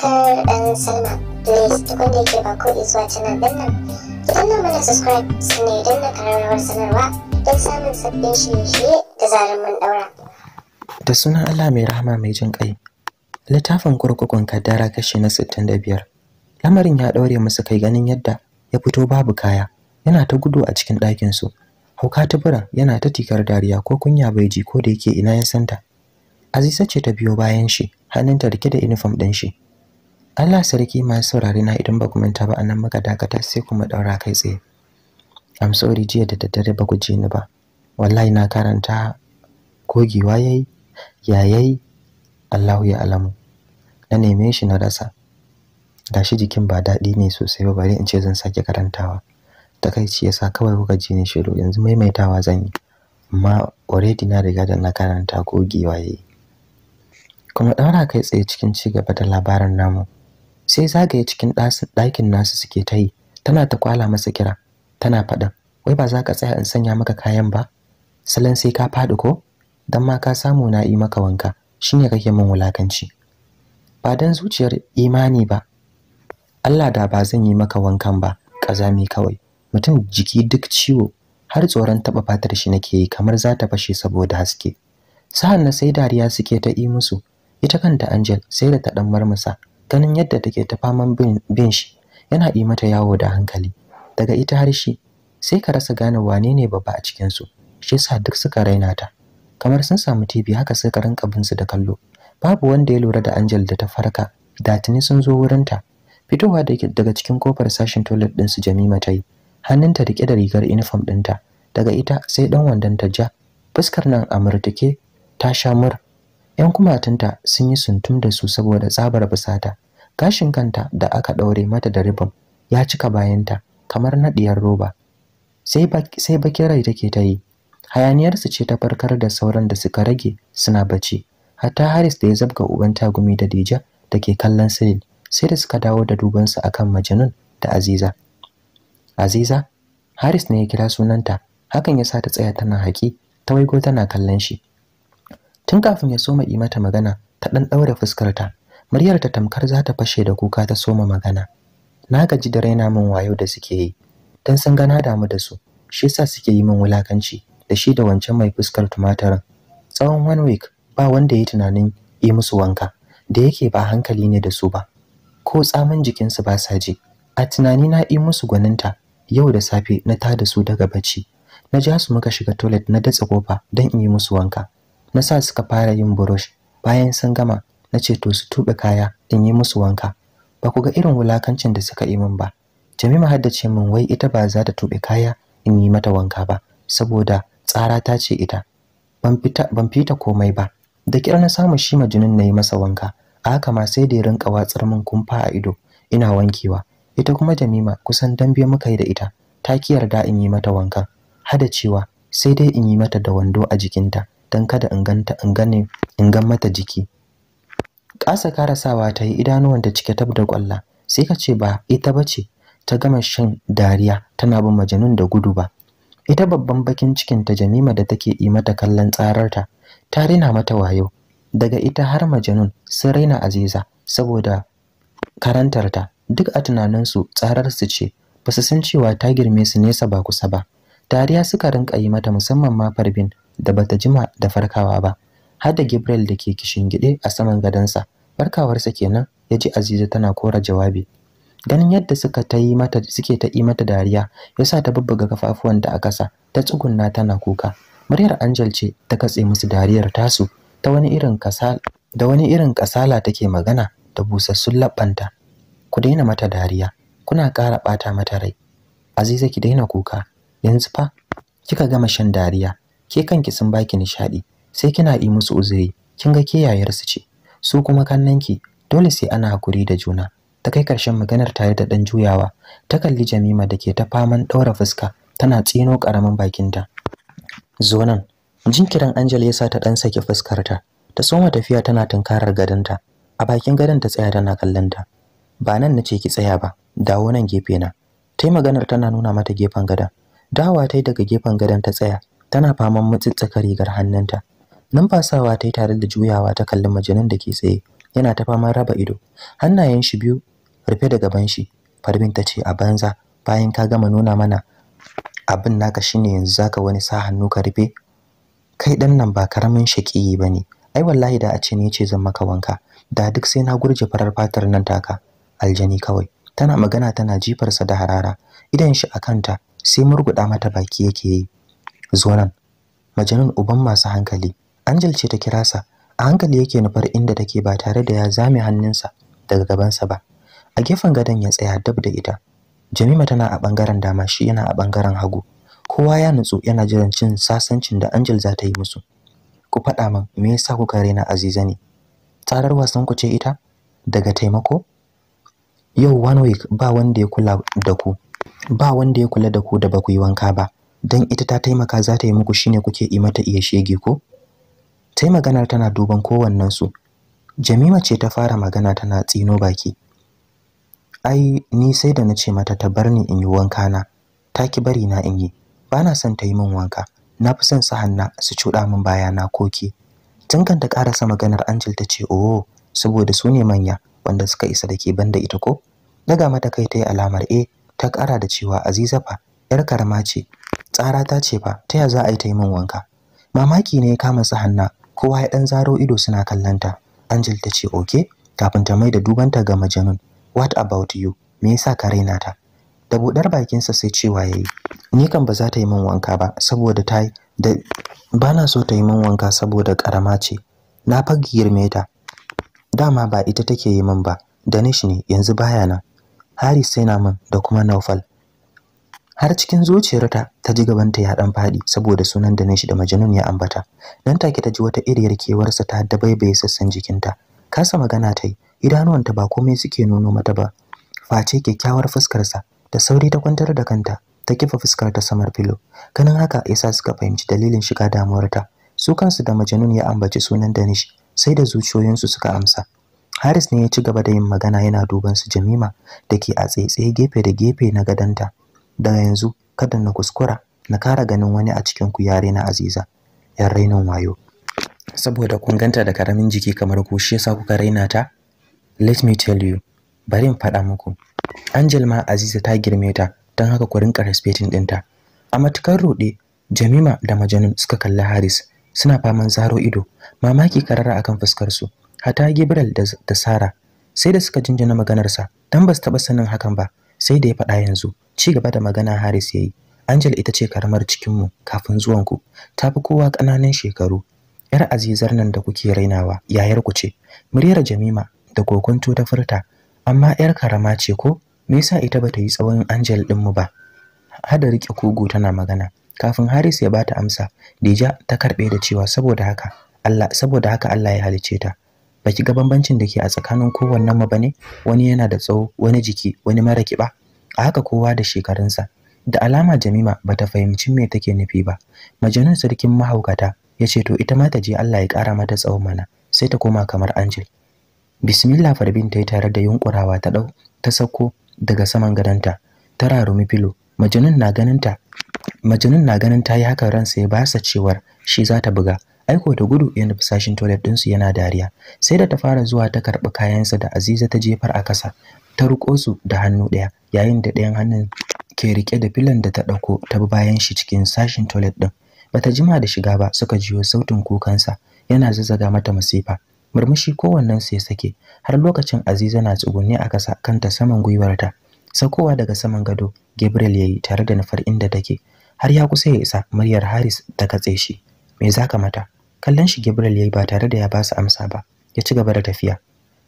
subscribe and sign up. Please da ba ko subscribe sanarwa don samun sabbin da sunan Allah mai rahama mai jin ƙai. Littafin kurkukun kaddara kashi na 65. Lamarin ya ɗaure musu kai ganin yadda ya fito babu kaya. Yana ta gudu a cikin ɗakinsu. Hauka tuburan yana ta tikar dariya ko kunya bai ji ko da yake ina ya santa. azisa ce ta biyo bayan shi, hannunta rike da uniform ɗin shi. Allah sarki ya saurare na idan ba ku manta ba anan muka dakata sai kuma daura kai tsaye I'm sorry jiya da daddare ba ku ji ni ba wallahi na karanta kogewa yayi yayayi Allahu ya alamu na neme shi na rasa da shi jikin ba daɗi ne sosai ba bari in ce zan sake karantawa takaici yasa kawai kuka ji ni shiru yanzu maimaitawa zan yi amma already na riga da na karanta ko yayi. kuma daura kai tsaye cikin cigaba da labarin namu sai zagaye cikin ɗakin nasu suke ta yi tana ta kwala masa kira tana faɗin wai ba za ka tsaya in sanya maka kayan ba salon sai ka faɗi ko Don ma ka samu na yi maka wanka shine kake min wulakanci ba don zuciyar imani ba Allah da ba zan yi maka wankan ba ƙazami kawai mutum jiki duk ciwo har tsoron taɓa fatar shi nake yi kamar za ta fashe saboda haske sa'an na sai dariya suke ta yi musu ita kanta Angel sai da ta ɗan marmasa ganin yadda take ta faman bin shi yana yi mata yawo da hankali daga ita har shi sai ka rasa gane wane ne babba a cikin su shi yasa duk suka raina ta kamar sun samu TV haka suka rinka bin su da kallo babu wanda ya lura da Angel da ta farka da tuni sun zo wurin ta fitowa daga cikin kofar sashin toilet din su Jamima ta yi hannunta rike da rigar uniform ɗinta daga ita sai dan wandon ta ja fuskar nan a ta shamur. 'yan kumatunta sun yi suntum da su saboda tsabar fusata gashin kanta da aka ɗaure mata da ribon ya cika bayanta kamar naɗiyar roba sai bakin rai take ta yi hayaniyarsu ce ta farkar da sauran da suka rage suna bacci hatta haris da ya zabga uban tagumi da dija da ke kallon silin sai da suka dawo da dubansu akan majanun da aziza aziza haris ne ya kira sunanta hakan ya sa ta tsaya tana haƙi ta waigo tana kallon shi tun kafin ya soma yi mata magana ta dan daure fuskar ta muryar ta tamkar za ta fashe da kuka ta soma magana na gaji da raina min wayo da suke yi dan sun gana damu da su shi yasa suke yi min wulakanci da shi da wancan mai fuskar tumatirin tsawon one week ba wanda ya tunanin yi musu wanka da yake ba hankali ne da su ba ko tsamin jikinsu ba sa ji a tunani na yi musu gwaninta yau da safe na ta da su daga bacci na ja su muka shiga toilet na datsa kofa don in yi musu wanka na sa suka fara yin burush bayan sun gama na ce to su tuɓe kaya in yi musu wanka ba ku ga irin wulakancin da suka yi min ba jamima haddace ce min wai ita ba za ta tuɓe kaya in yi mata wanka ba saboda tsara ta ce ita ban fita komai ba da kira na samu shi majinin na yi masa wanka a haka ma sai da ya rinka watsar min kumfa a ido ina wankewa ita kuma jamima kusan dambe muka yi da ita ta ki yarda in yi mata wanka hada cewa sai dai in yi mata da wando a jikinta don kada in gan mata jiki ƙasa karasawa ta yi da cike tab da ƙwalla sai ka ce ba ita ba ce ta gama shan dariya tana bin majanun da gudu ba ita babban bakin cikin ta jamima da take yi mata kallon tsararta ta rina mata wayo daga ita har majanun sun raina aziza saboda karantarta duk a tunaninsu tsararsu ce ba su san cewa ta girme su nesa ba kusa ba dariya suka rinka yi mata musamman ma farbin da bata jima da farkawa ba har da Gabriel da ke gide a saman gadonsa farkawarsa kenan ya ji Aziza tana kora jawabi ganin yadda suka ta yi mata suke ta yi mata dariya yasa ta bubbuga kafafuwan a ƙasa ta tsugunna tana kuka muryar Angel ce ta katse musu dariyar tasu ta wani irin kasala da wani irin kasala take magana da busassun labbanta ku daina mata dariya kuna ƙara ɓata mata rai aziza ki daina kuka yanzu fa kika gama shan dariya ke kanki sun baki nishaɗi sai kina yi musu uzuri kin ga ke su ce su kuma kannanki dole sai ana hakuri da juna ta kai karshen maganar tare da ɗan juyawa ta kalli jamima da ke ta faman ɗaura fuska tana tsino ƙaramin bakinta zo nan jinkirin angel ya sa ta ɗan saki fuskarta ta soma tafiya tana tunkarar ta. a bakin gadon ta tsaya tana kallon ta ba nan nace ki tsaya ba dawo nan gefe na tai maganar tana nuna mata gefen gadon dawa tai daga gefen gadon ta tsaya tana faman mutsitsaka rigar hannunta numfasawa ta yi tare da juyawa ta kalli majinin da ke tsaye yana ta faman raba ido hannayen shi biyu rufe da gaban shi farbin ta ce a banza bayan ka gama nuna mana abin naka shine yanzu zaka wani sa hannu ka rufe kai dan nan ba karamin shaƙiyi bane ai wallahi da a ce ne ce zan maka wanka da duk sai na gurje farar fatar nan taka aljani kawai tana magana tana jifarsa da harara idan shi a kanta sai murguda mata baki yake yi zo nan majanun uban masu hankali angel ce ta kira sa a hankali yake nufar inda take ba tare da ya zame hannunsa daga gabansa ba a gefen gadon ya tsaya dab da ita jamima tana a bangaren dama shi yana a ɓangaren hagu kowa ya nutsu yana jiran cin sasancin da angel za ta yi musu ku faɗa min me yasa kare na, aziza ne tarar wasan ku ce ita daga taimako yau one week ba wanda ya kula da ku ba wanda ya kula da ku da baku yi wanka ba dan ita ta taimaka za ta yi muku shine kuke yi mata iya shege ko tai maganar tana duban kowannen su jamima ce ta fara magana tana tsino baki ai ni sai da na ce mata ta bar ni in yi wanka na ta ki bari na in yi ba na son ta yi min wanka na fi son su hanna su cuɗa min baya na koki tun kan ta ƙarasa maganar angel ta ce oh saboda su ne manya wanda suka isa da ke banda ita ko daga mata kai ta yi alamar e ta ƙara da cewa aziza fa yar karama ce tsara ta ce ba, ta za a yi ta yi min wanka mamaki ne ya kama su hanna kowa ya ɗan zaro ido suna kallanta angel ta ce oke kafin ta mai da dubanta ga majanun what about you me yasa ka raina ta da buɗar bakinsa sai cewa yayi ni kan ba za ta yi min wanka ba saboda ta da ba na so ta yi min wanka saboda karama ce na fa girme ta dama ba ita take yi min ba danish ne yanzu baya nan haris sai na min da kuma naufal har cikin zuciyarta ta ji gabanta ya dan fadi saboda sunan da nashi da majanun ya ambata dan take ta ji wata iriyar kewarsa ta dabaibaye sassan jikinta kasa magana ta yi idanuwanta ba komai suke nuno mata ba face kyakkyawar fuskarsa da sauri ta kwantar da kanta ta kifa fuskar ta samar filo ganin haka yasa suka fahimci dalilin shiga damuwarta su kansu da majanun ya ambaci sunan danish sai da zuciyoyinsu suka amsa haris ne ya ci gaba da yin magana yana duban su jamima da ke a tsaitsaye gefe da gefe na gadanta daga yanzu kada na kuskura na kara ganin wani a cikin ku yare na Aziza yan rainon wayo saboda kun ganta da karamin jiki kamar ku shi yasa kuka raina ta let me tell you bari in faɗa muku Angel ma Aziza ta girme ta don haka ku rinka respecting ɗinta a matukar roɗe Jamima da Majanun suka kalli Haris suna faman zaro ido mamaki karara akan fuskar su hata Gabriel da, Sara sai da suka jinjina maganarsa dan ba su taba sanin hakan ba sai da ya faɗa yanzu ci gaba da magana Haris ya yi. Angel ita ce karamar cikin mu kafin zuwan ku ta fi kowa ƙananan shekaru yar azizar nan da kuke rainawa yayar ku ce muryar Jamima da kokonto ta furta amma yar karama ce ko me yasa ita ba ta yi tsawon Angel din mu ba hada rike kugu tana magana kafin Haris ya bata amsa Dija ta karbe da cewa saboda haka Allah saboda haka Allah ya halice ta Ba ki ga bambancin da ke a tsakanin kowannen mu bane wani yana da tsawo wani jiki wani mara kiba a haka kowa da shekarunsa da alama Jamima ba ta fahimci me take nufi ba majanun sarkin mahaukata ya ce to ita ma ta je Allah ya kara mata tsawo mana sai ta koma kamar angel bismillah farbin ta yi tare da yunkurawa ta dau ta sako daga saman gadanta ta rarumi filo majanun na ganin ta majanun na ganin ta yi haka ransa ya basa cewar shi za ta buga aiko da gudu ya nufi sashin toilet su yana dariya sai da ta fara zuwa ta karɓi kayansa da aziza ta jefar a kasa ta riƙo su da hannu ɗaya yayin da ɗayan hannun ke riƙe da filan da ta ɗauko ta bi bayan shi cikin sashin toilet ɗin bata jima da shiga ba suka jiyo sautin kukansa yana zazzaga mata masifa murmushi kowannen ya sake har lokacin aziza na tsugunne a kasa kanta saman gwiwarta saukowa daga saman gado gabriel ya yi tare da nufar inda take har ya kusa ya isa muryar haris ta katse shi me zaka mata kallon shi Gabriel yayi ba tare da ya ba su amsa ba ya ci gaba da tafiya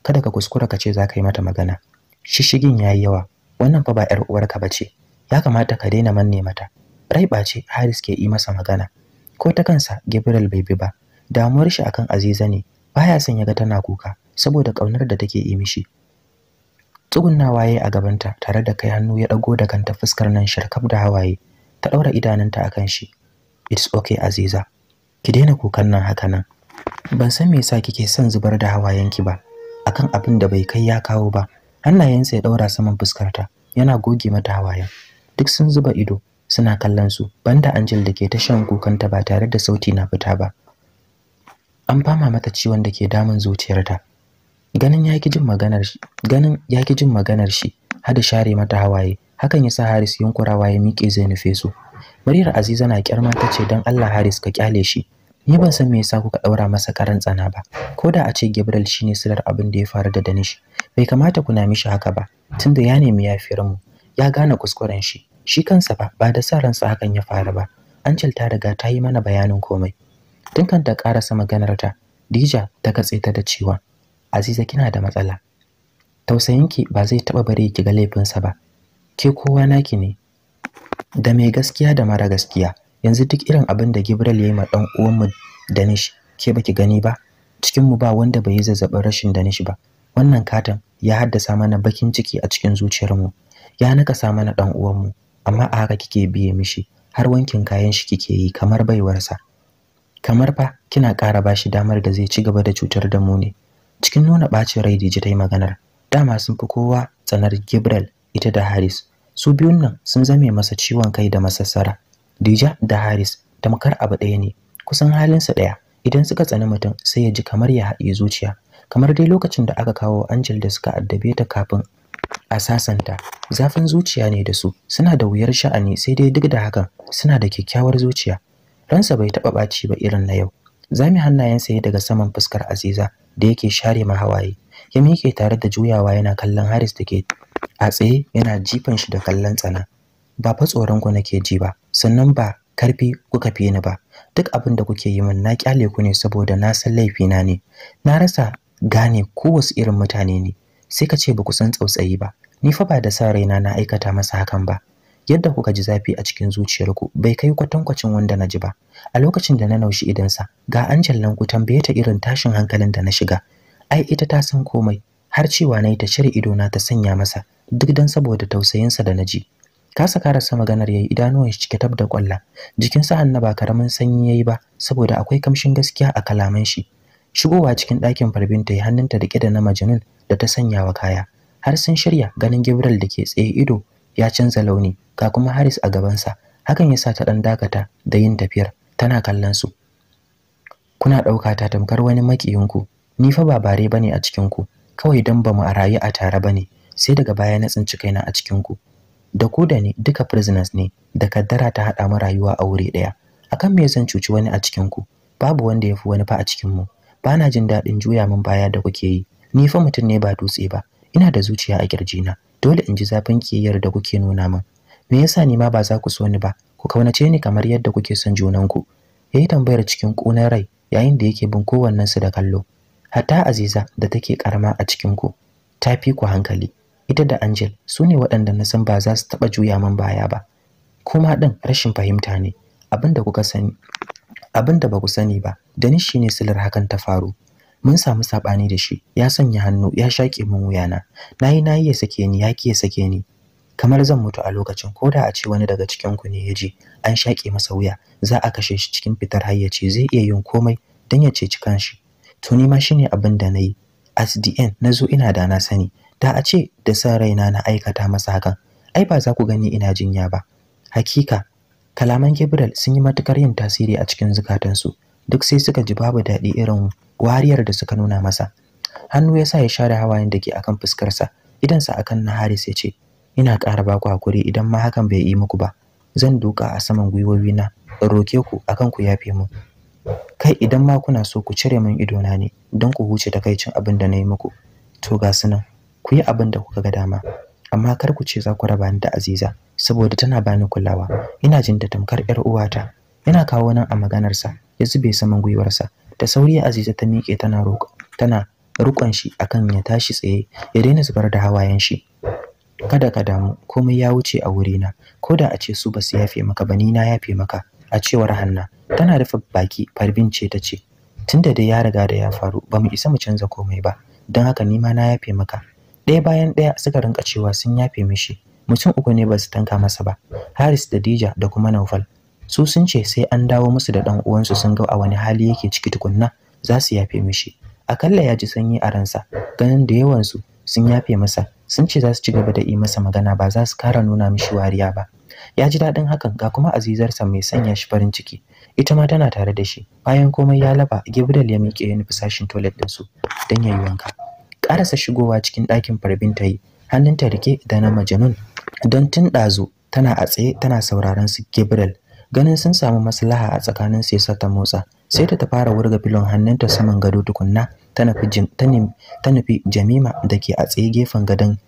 kada ka kuskura ka ce za ka yi mata magana shishigin yayi yawa wannan fa ba yar uwarka bace ya kamata ka daina manne mata rai ɓace Haris ke yi masa magana ko ta kansa Gabriel bai bi ba damuwar shi akan Aziza ne baya son ya ga tana kuka saboda kaunar da take yi mishi tsugunnawa yayi a gabanta tare da kai hannu ya dago da kanta fuskar nan sharkaf da hawaye ta daura idananta akan shi it's okay Aziza ki daina kukan nan haka nan ban san me yasa kike son zubar da hawayenki ba akan abin da bai kai ya kawo ba hannayensa ya daura saman fuskarta yana goge mata hawayen duk sun zuba ido suna kallon su banda Angel da ke ta shan kukanta ba tare da sauti na fita ba an fama mata ciwon da ke damun zuciyarta ganin yaki jin maganar shi ganin jin maganar shi hada share mata hawaye hakan yasa Haris yunkurawa ya miƙe zai nufe su muryar aziza na kyarma ta ce don allah haris ka kyale shi ni ban san me yasa kuka daura masa karan tsana ba ko da a ce gabriel shine sular abin da ya faru da danish bai kamata ku na mishi haka ba tunda ya nemi yafiyar mu ya gane kuskuren shi shi kansa ba ba da sa ransa hakan ya fara ba Angel ta riga ta yi mana bayanin komai tun kan ta karasa maganar ta Dija ta katse ta da cewa Aziza kina da matsala tausayinki ba zai taba bare ki ga laifinsa ba ke kowa naki ne da mai gaskiya da mara gaskiya yanzu duk irin abin da Gabriel ya yi ma dan uwanmu Danish ke baki gani ba cikinmu ba wanda bai yi zazzabin rashin Danish ba wannan katon ya haddasa mana bakin ciki a cikin zuciyarmu ya nakasa mana dan uwanmu amma a haka kike biye mishi har wankin kayan shi kike yi kamar baiwarsa kamar fa kina ƙara bashi damar da zai ci gaba da cutar da mu ne cikin nuna ɓacin rai da ji ta yi maganar dama sun fi kowa tsanar gibral ita da Haris su biyun nan sun zame masa ciwon kai da masassara dija da haris tamkar abu ɗaya ne kusan halinsa ɗaya idan suka tsani mutum sai ya ji kamar ya haɗe zuciya kamar dai lokacin da aka kawo angel da suka addabe ta kafin a sasanta zafin zuciya ne da su suna da wuyar sha'ani sai dai duk da hakan suna da kyakkyawar zuciya ransa bai taɓa ɓaci ba irin na yau zami hannayensa ya daga saman fuskar aziza da yake share ma hawaye ya miƙe tare da juyawa yana kallon haris da ke a tsaye yana jifan shi da kallon tsana ba fa tsoron ku nake ji ba sannan ba karfi kuka fi ni ba duk abin da kuke yi min na kyale ku ne saboda na san na ne na rasa gane ko wasu irin mutane ne sai ka ce ba ku san tsautsayi ba ni fa ba da sa raina na aikata masa hakan ba yadda kuka ji zafi a cikin zuciyarku bai kai kwatankwacin wanda na ji ba a lokacin da na naushi idansa ga an jallan ku tambaye ta irin tashin hankalin da na shiga ai ita ta san komai har cewa na yi ta cire idona ta sanya masa duk dan saboda tausayinsa da na ji kasa karasa maganar yayi idanuwan shi cike tab da kwalla jikin sa ba karamin sanyi ya yi ba saboda akwai kamshin gaskiya a kalaman shi shigowa cikin ɗakin farbinta ya hannunta da da na majanun da ta sanya wa kaya har sun shirya ganin Gabriel da ke tsaye ido ya canza launi ga kuma Haris a gabansa hakan yasa ta ɗan dakata da yin tafiyar tana kallon su kuna ɗauka ta tamkar wani makiyinku ni fa ba bare bane a cikin ku kawai don ba mu a rayu a tare ba ne sai daga baya na tsinci kaina a cikin ku da ku da ni duka prisoners ne da kaddara ta haɗa mu rayuwa a wuri ɗaya akan me zan cuci wani a cikin ku babu wanda ya fi wani fa a cikin mu ba jin daɗin juya min baya da kuke yi ni fa mutum ne ba dutse ba ina da zuciya a na dole in ji zafin kiyayyar da kuke nuna min me yasa ni ma ba za ku so ni ba ku kaunace ni kamar yadda kuke son junanku yayi tambayar cikin ƙunar rai yayin da yake bin kowannen su da kallo hatta aziza da take karama a cikin ku ta fi ku hankali ita da angel su ne waɗanda na san ba za su taɓa juya man baya ba kuma ɗin rashin fahimta ne abinda kuka sani abinda ba ku sani ba shi ne silar hakan ta faru mun samu sabani da shi ya sanya hannu ya shaƙe min wuyana nayi nayi ya sake ni ya ya sake ni kamar zan mutu a lokacin ko da a ce wani daga cikin ku ne ya je an shaƙe masa wuya za a kashe shi cikin fitar hayyaci zai iya yin komai don ya ceci kanshi to ni ma shine abin da nayi as the end zo ina da na sani da a ce da san raina na aikata masa hakan ai ba za ku gani ina jinya ba hakika kalaman Gabriel sun yi matukar yin tasiri a cikin zukatansu duk sai suka ji babu daɗi irin wariyar da suka nuna masa hannu ya sa ya share hawayen da ke akan fuskarsa sa akan na Haris ya ce ina ƙara baku hakuri idan ma hakan bai yi muku ba zan duka a saman gwiwowi na roke ku akan ku yafe mu kai idan ma kuna so ku cire min na ne don ku huce takaicin abin da na yi muku to ga su nan ku yi abin da kuka ga dama amma kar ku ce za ku raba ni da aziza saboda tana bani kulawa ina jin da tamkar yar uwata yana kawo nan a maganarsa ya zube saman gwiwarsa da sauri aziza ta miƙe tana roƙo tana rukon shi akan ya tashi tsaye ya daina zubar da hawayen shi kada ka damu komai ya wuce a wurina ko da a ce su ba su yafe maka ba ni na yafe maka a cewar Hanna tana rufe baki Farbin ce ta ce tunda dai ya riga da ya faru ba mu isa mu canza komai ba don haka nima na yafe maka ɗaya bayan ɗaya suka rinka cewa sun yafe mishi mutum uku ne ba su tanka masa ba Haris da Dija da kuma Naufal su sun ce sai an dawo musu da ɗan uwansu sun ga a wani hali yake ciki tukunna za su yafe mishi akalla ya ji sanyi a ransa ganin da yawansu sun yafe masa sun ce za su ci gaba da yi masa magana ba za su kara nuna mishi wariya ba ya ji daɗin hakan ga kuma azizarsa mai sanya shi farin ciki ita ma tana tare da shi bayan komai ya laba gabriel ya miƙe ya nufi sashin toilet ɗinsu don ya yi wanka ƙarasa shigowa cikin ɗakin farbin ta yi hannunta rike da na majanun don tun ɗazu tana a tsaye tana sauraron su gabriel ganin sun samu maslaha a tsakanin su ya ta motsa sai ta fara wurga filon hannunta saman gado tukunna ta nufi jamima da ke a tsaye gefen gadon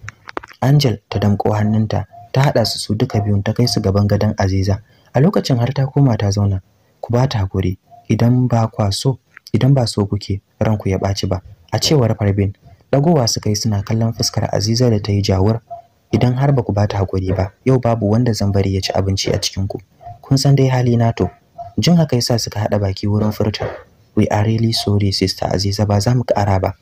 angel ta damƙo hannunta ta haɗa su su duka biyun ta kai su gaban gadon Aziza a lokacin har ta koma ta zauna ku ba ta hakuri idan ba kwa so idan ba so kuke ranku ya baci ba a cewar Farbin dagowa su kai suna kallon fuskar Aziza da ta yi jawur idan har ba ku ba ta hakuri ba yau babu wanda zan bari ya ci abinci a cikin ku kun san dai hali na to jin haka yasa suka haɗa baki wurin furta we are really sorry sister Aziza ba za mu ƙara ba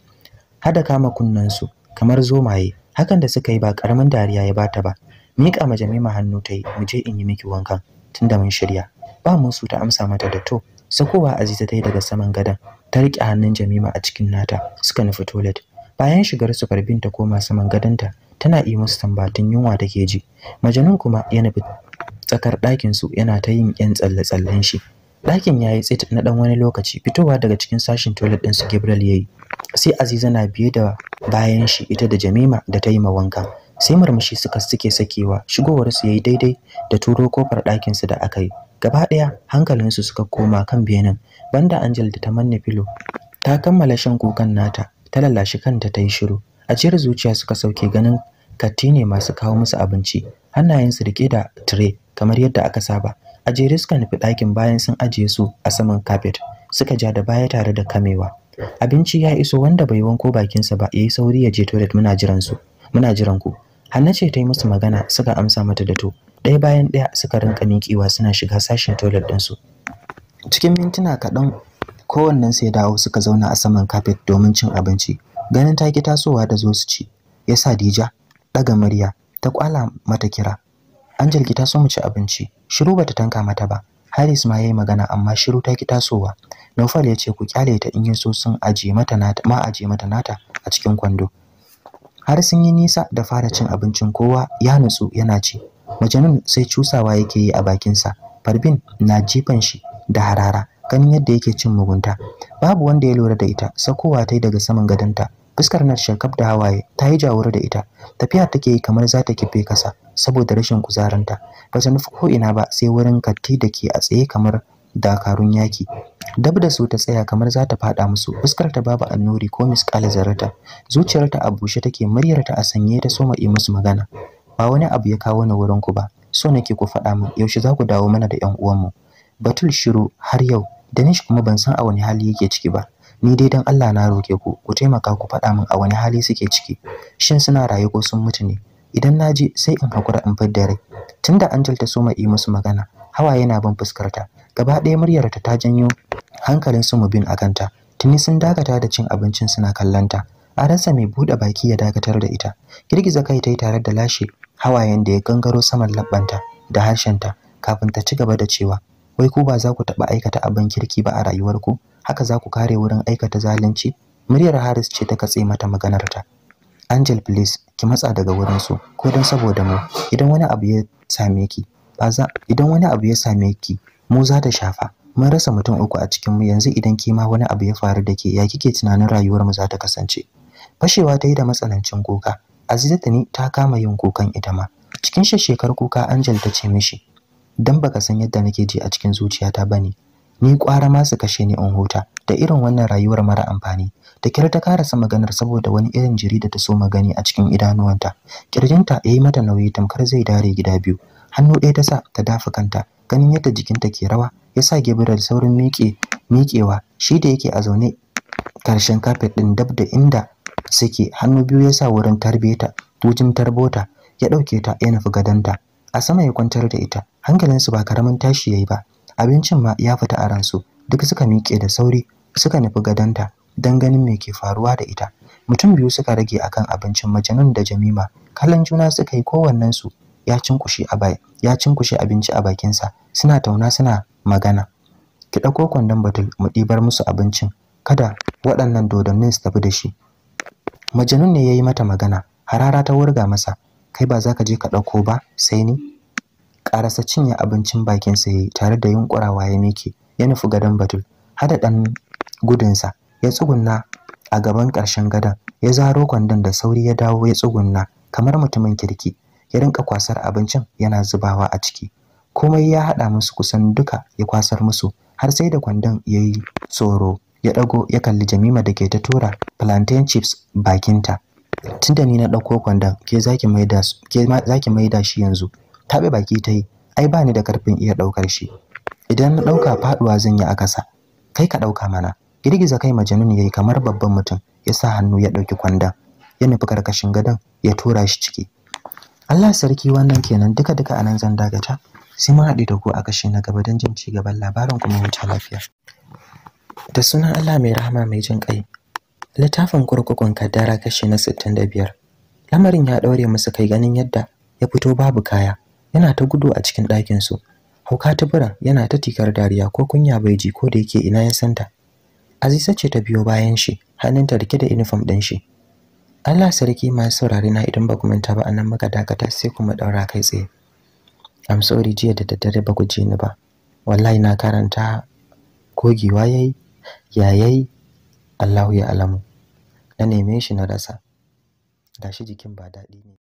hada kama kunnen su kamar zomaye hakan da suka yi ba karamin dariya ya bata ba miƙa ma Jamima hannu ta yi mu je in yi miki wanka, tunda mun shirya ba musu ta amsa mata da to sakowa Aziza ta yi daga saman gadon ta riƙe hannun Jamima a cikin nata suka nufi toilet bayan shigar su Farbin ta koma saman gadonta tana yi musu tambatun yunwa take ji majanin kuma ya nufi tsakar ɗakin su yana ta yin ƴan tsalle-tsallen shi ɗakin ya yi tsit na ɗan wani lokaci fitowa daga cikin sashin toilet ɗin su Gabriel ya yi sai Aziza na biye da bayan shi ita da Jamima da ta yi ma wanka sai murmushi suka suke sakewa Shigowar su yayi daidai da turo kofar ɗakinsu da aka yi gaba ɗaya hankalinsu suka koma kan benin banda angel da ta manne filo ta kammala shan kukan nata ta lallashi kanta ta yi shiru A cikin zuciya suka sauke ganin katine masu kawo musu abinci hannayen su rike da tire kamar yadda aka saba a jere suka nufi ɗakin bayan sun ajiye su a saman kafet suka ja da baya tare da kamewa abinci ya iso wanda bai wanko bakinsa ba yayi sauri ya je toilet muna jiran su muna jiran ku Hanna ce ta yi musu magana suka amsa mata da to. Ɗaya bayan ɗaya suka rinka miƙewa suna shiga sashen toilet ɗinsu. Cikin mintuna kaɗan kowannen sai dawo suka zauna a saman kafet domin cin abinci. Ganin ta ki tasowa da zo su ci, ya sa Dija ɗaga murya ta kwala mata kira. Angel ki taso mu ci abinci, shiru bata tanka mata ba. Haris ma yayi magana amma shiru ta ki tasowa. Naufal ya ce ku kyale ta in yaso sun aje mata nata, ma aje mata nata a cikin kwando. har sun yi nisa da fara cin abincin kowa ya nutsu yana ci majanun sai cusawa yake yi a bakinsa farbin na jifan shi da harara ganin yadda yake cin mugunta babu wanda ya lura da ita sakowa ta yi daga saman gadonta fuskar na shakaf da hawaye ta yi jawur da ita tafiya take yi kamar za ta kife kasa saboda rashin kuzarinta ba ta nufi ko ina ba sai wurin katti da ke a tsaye kamar dakarun yaki dab da su ta tsaya kamar za ta fada musu fuskar ta babu annuri ko misƙala zarata zuciyar ta a bushe take muryar ta a sanye ta soma yi musu magana ba wani abu ya kawo ni wurin ku ba so nake ku faɗa min yaushe za ku dawo mana da ƴan uwanmu batul shiru har yau danish kuma ban san a wani hali yake ciki ba ni dai dan Allah na roke ku ku taimaka ku faɗa min a wani hali suke ciki shin suna raye ko sun mutu ne idan na je sai in hakura in fidda rai tunda Angel ta soma yi musu magana hawa yana bin fuskarta gaba ɗaya muryarta ta janyo hankalin su mubin a kanta tuni sun dakata da cin abincin suna kallanta a rasa mai buɗe baki ya dakatar da ita girgiza kai ta yi tare da lashe hawayen da ya gangaro saman labbanta da harshenta kafin ta ci gaba da cewa wai ku ba za ku taɓa aikata abin kirki ba a rayuwarku haka za ku kare wurin aikata zalunci muryar Haris ce ta katse mata maganarta Angel please ki matsa daga wurin su ko don saboda mu idan wani abu ya same ki ba za idan wani abu ya same ki mu za ta shafa mun rasa mutum uku a cikin mu yanzu idan kima wani abu ya faru da ke ya kike tunanin rayuwar mu za ta kasance fashewa ta yi da matsanancin kuka azizatu ne ta kama yin kukan ita ma cikin shekar kuka angel ta ce mishi dan baka san yadda nake ji a cikin zuciyata bane ni kwara ma su kashe ni in huta da irin wannan rayuwar mara amfani da kyar ta karasa maganar saboda wani irin jiri da ta so magani a cikin idanuwanta kirjinta yayi mata nauyi tamkar zai dare gida biyu hannu ɗaya ta sa ta dafa kanta ganin yadda jikinta ke rawa ya sa Gabriel saurin miƙe miƙewa shi da yake a zaune karshen kafet ɗin dab da inda suke hannu biyu ya sa wurin tarbeta tujin tarbota ya ɗauke ta ya nufi gadonta a sama ya kwantar da ita hankalinsu ba karamin tashi ya yi ba abincin ma ya fita a ransu duk suka miƙe da sauri suka nufi gadonta don ganin me ke faruwa da ita mutum biyu suka rage akan abincin majanun da jamima kallon juna suka yi kowannensu ya cinkushe a bai ya cinkushe abinci a bakinsa suna tauna suna magana ki ɗauko kwandon batul mu ɗibar musu abincin kada waɗannan dodannin su tafi da shi majanun ne ya yi mata magana harara ta wurga masa kai ba za ka je ka ɗauko ba sai ni karasa cinye abincin bakinsa ya yi tare da yunƙurawa ya miki ya nufi gadon batul hada ɗan gudunsa ya tsugunna a gaban karshen gadon ya zaro kwandon da sauri ya dawo ya tsugunna kamar mutumin kirki ya rinka kwasar abincin yana zubawa a ciki komai ya haɗa musu kusan duka ya kwasar musu har sai da kwandon ya yi tsoro ya ɗago ya kalli jamima da ke ta tura plantain chips bakinta tunda ni na ɗauko kwandon ke zaki maida ke zaki maida shi yanzu Taɓa baki ta yi ai ba ni da karfin iya ɗaukar shi idan na ɗauka faɗuwa zan yi a ƙasa kai ka ɗauka mana girgiza kai majanun yayi kamar babban mutum ya sa hannu ya ɗauki kwandon ya nufi karkashin gadon ya tura shi ciki Allah sarki wannan kenan duka duka anan zan dagata sai mun haɗu da ku a kashe na gaba don jin ci gaban labarin kuma ta lafiya da sunan Allah mai rahama mai jin kai littafin kurkukun kaddara kashi na 65 lamarin ya daure musu kai ganin yadda ya fito babu kaya yana ta gudu a cikin ɗakin su hauka tuburan yana ta tikar dariya ko kunya bai ji ko da yake ina ya santa azisa ce ta biyo bayan shi hannunta rike da uniform ɗin shi Allah sarki masu saurare na idan ba ku manta ba anan muka dakata sai kuma daura kai tsaye I'm sorry jiya da daddare ba ku ji ni ba wallahi na karanta kogewa yayi yayayi Allahu ya alamu na neme shi na rasa gashi jikin ba dadi ne